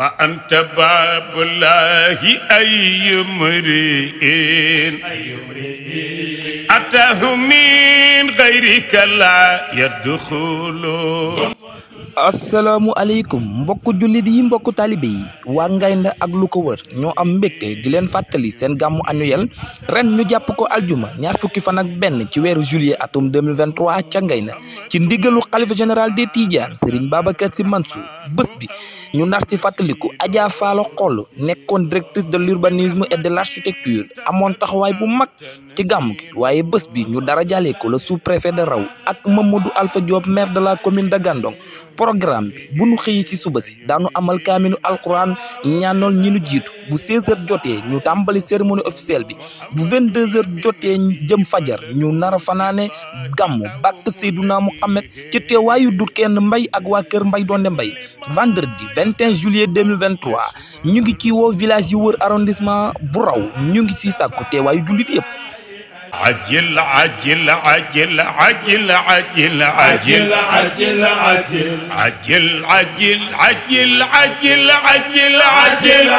فأنت باب الله أي امرئ أتاه من غيرك لا يدخل asalaamualeykum mbokk jullit yi mbokku taalibe yi waa Ngaynde ak lu ko wër ñoo am mbégte di leen fàttali seen gàmmu annuel ren ñu jàpp ko aljuma ñaar fukki fan ak benn ci weeru juillet atum 2023 ca Ngaynde ci ndigalu xalifa général de Tidianes Serigne Babacar Sy Mansour bés bi ñu nar ci fàttaliku Adja Faalo Xoll nekkoon directrice de l'urbanisme et de l'architecture amoon taxawaay bu mag ci gàmm gi waaye bës bi ñu dara jàllee ko la sous-préfet de Raw ak Mamadou Alpha Diop maire de la commune de Gandon programme bi bu nu xëyee ci suba si daanu amal kaaminu alquran ñaanal ñi nu jiitu bu 16h jotee ñu tàmbali cérémonie officielle bi bu 22h jotee jëm fajar ñu nar a fanaane gàmmu bàkk Seyduna Muhammad ci teewaayu du kenn mbay ak waa kër mbay doonde mbay vendredi 21 juillet 2023 ñu ngi ci woo village yi wër arrondissement bu raw ñu ngi ci sàkku teewaayu jullit yëpp عجل عجل عجل عجل عجل عجل عجل عجل عجل عجل عجل عجل عجل عجل